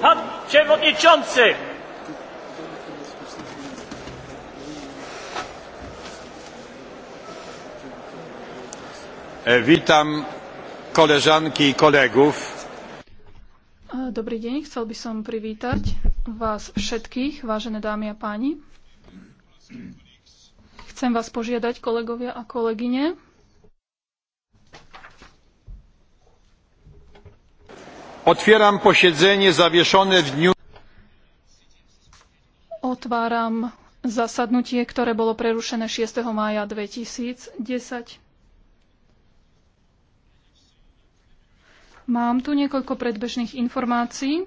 Pan Przewodniczący! E, witam koleżanki i kolegów. E, Dobrý deň, chcel by som privítať vás všetkých, vážené dámy a páni. Chcem vás požiadať, kolegovia a kolegyne, Otwieram posiedzenie zawieszone w dniu Otváram zasadnutie, ktoré bolo prerušené 6. maja 2010. Mám tu niekoľko predbežných informácií.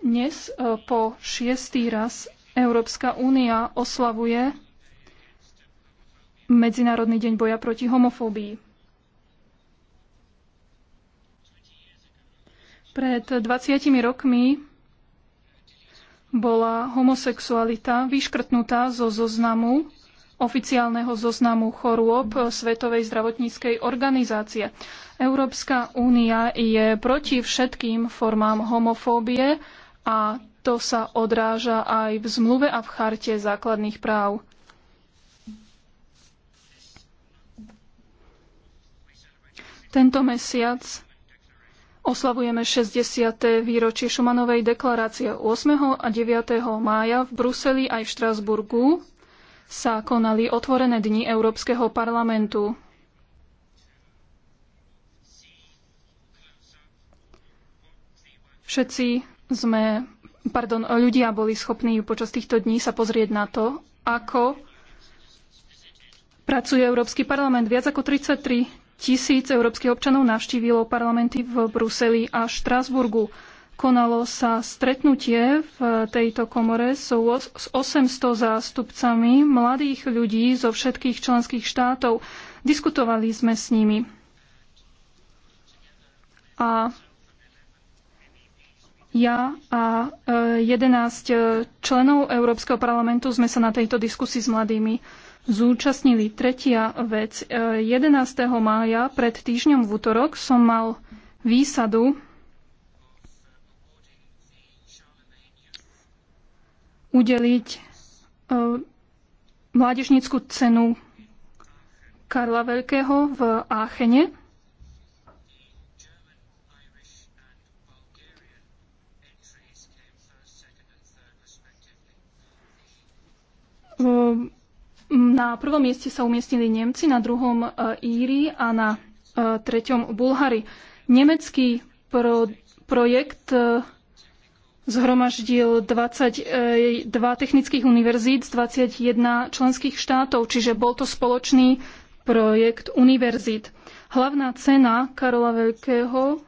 Dnes e, po šiestý raz Európska únia oslavuje Medzinárodný deň boja proti homofóbii. Pred 20 rokmi bola homosexualita vyškrtnutá zo zoznamu oficiálneho zoznamu chorôb Svetovej zdravotníckej organizácie. Európska únia je proti všetkým formám homofóbie a to sa odráža aj v zmluve a v charte základných práv. Tento mesiac Oslavujeme 60. výročie Šumanovej deklarácie 8. a 9. mája v Bruseli aj v Štrasburgu sa konali otvorené dni Európskeho parlamentu. Všetci sme, pardon, ľudia boli schopní počas týchto dní sa pozrieť na to, ako pracuje Európsky parlament. Viac ako 33 tisíc európskych občanov navštívilo parlamenty v Bruseli a Štrásburgu. Konalo sa stretnutie v tejto komore s 800 zástupcami mladých ľudí zo všetkých členských štátov. Diskutovali sme s nimi. A ja a 11 e, členov Európskeho parlamentu sme sa na tejto diskusii s mladými zúčastnili. Tretia vec. 11. E, mája pred týždňom v útorok som mal výsadu udeliť e, mládežnickú cenu Karla Veľkého v Áchene. Um, na prvom mieste sa umiestnili Nemci, na druhom e, Íri a na e, treťom Bulhari. Nemecký pro, projekt e, zhromaždil 22 technických univerzít z 21 členských štátov, čiže bol to spoločný projekt univerzít. Hlavná cena Karola Veľkého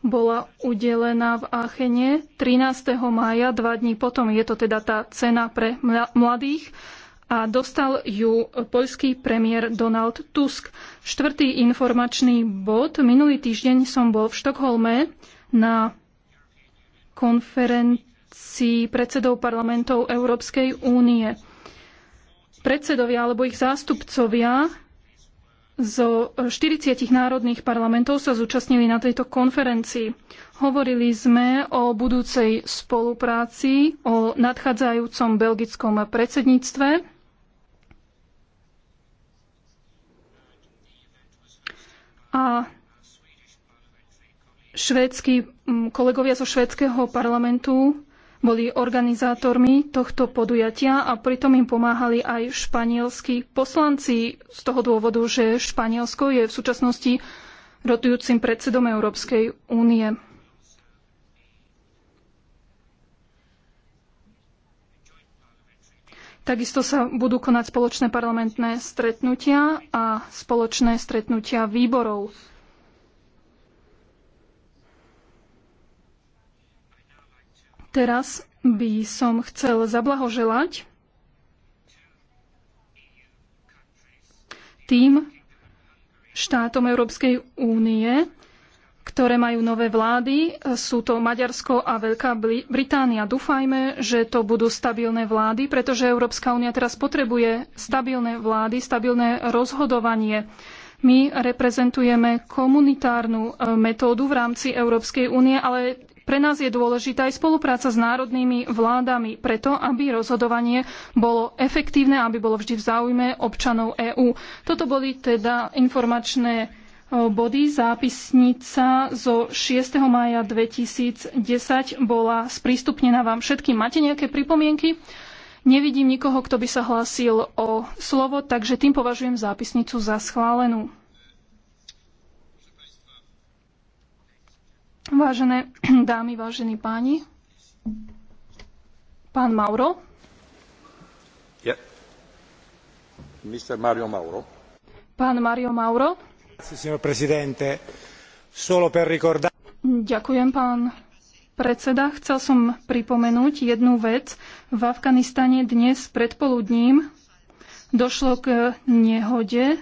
bola udelená v Achene 13. mája, dva dní potom. Je to teda tá cena pre mladých a dostal ju poľský premiér Donald Tusk. Štvrtý informačný bod. Minulý týždeň som bol v Štokholme na konferencii predsedov parlamentov Európskej únie. Predsedovia alebo ich zástupcovia zo 40 národných parlamentov sa zúčastnili na tejto konferencii. Hovorili sme o budúcej spolupráci, o nadchádzajúcom belgickom predsedníctve A švédsky, mm, kolegovia zo švédskeho parlamentu boli organizátormi tohto podujatia a pritom im pomáhali aj španielskí poslanci z toho dôvodu, že Španielsko je v súčasnosti rotujúcim predsedom Európskej únie. Takisto sa budú konať spoločné parlamentné stretnutia a spoločné stretnutia výborov. Teraz by som chcel zablahoželať tým štátom Európskej únie, ktoré majú nové vlády. Sú to Maďarsko a Veľká Británia. Dúfajme, že to budú stabilné vlády, pretože Európska únia teraz potrebuje stabilné vlády, stabilné rozhodovanie. My reprezentujeme komunitárnu e, metódu v rámci Európskej únie, ale pre nás je dôležitá aj spolupráca s národnými vládami, preto aby rozhodovanie bolo efektívne, aby bolo vždy v záujme občanov EÚ. Toto boli teda informačné body. Zápisnica zo 6. maja 2010 bola sprístupnená vám všetkým. Máte nejaké pripomienky? Nevidím nikoho, kto by sa hlásil o slovo, takže tým považujem zápisnicu za schválenú. Vážené dámy, vážení páni, pán Mauro. Mr. Mario Mauro. Pán Mario Mauro. Ďakujem, pán predseda. Chcel som pripomenúť jednu vec. V Afganistane dnes predpoludním došlo k nehode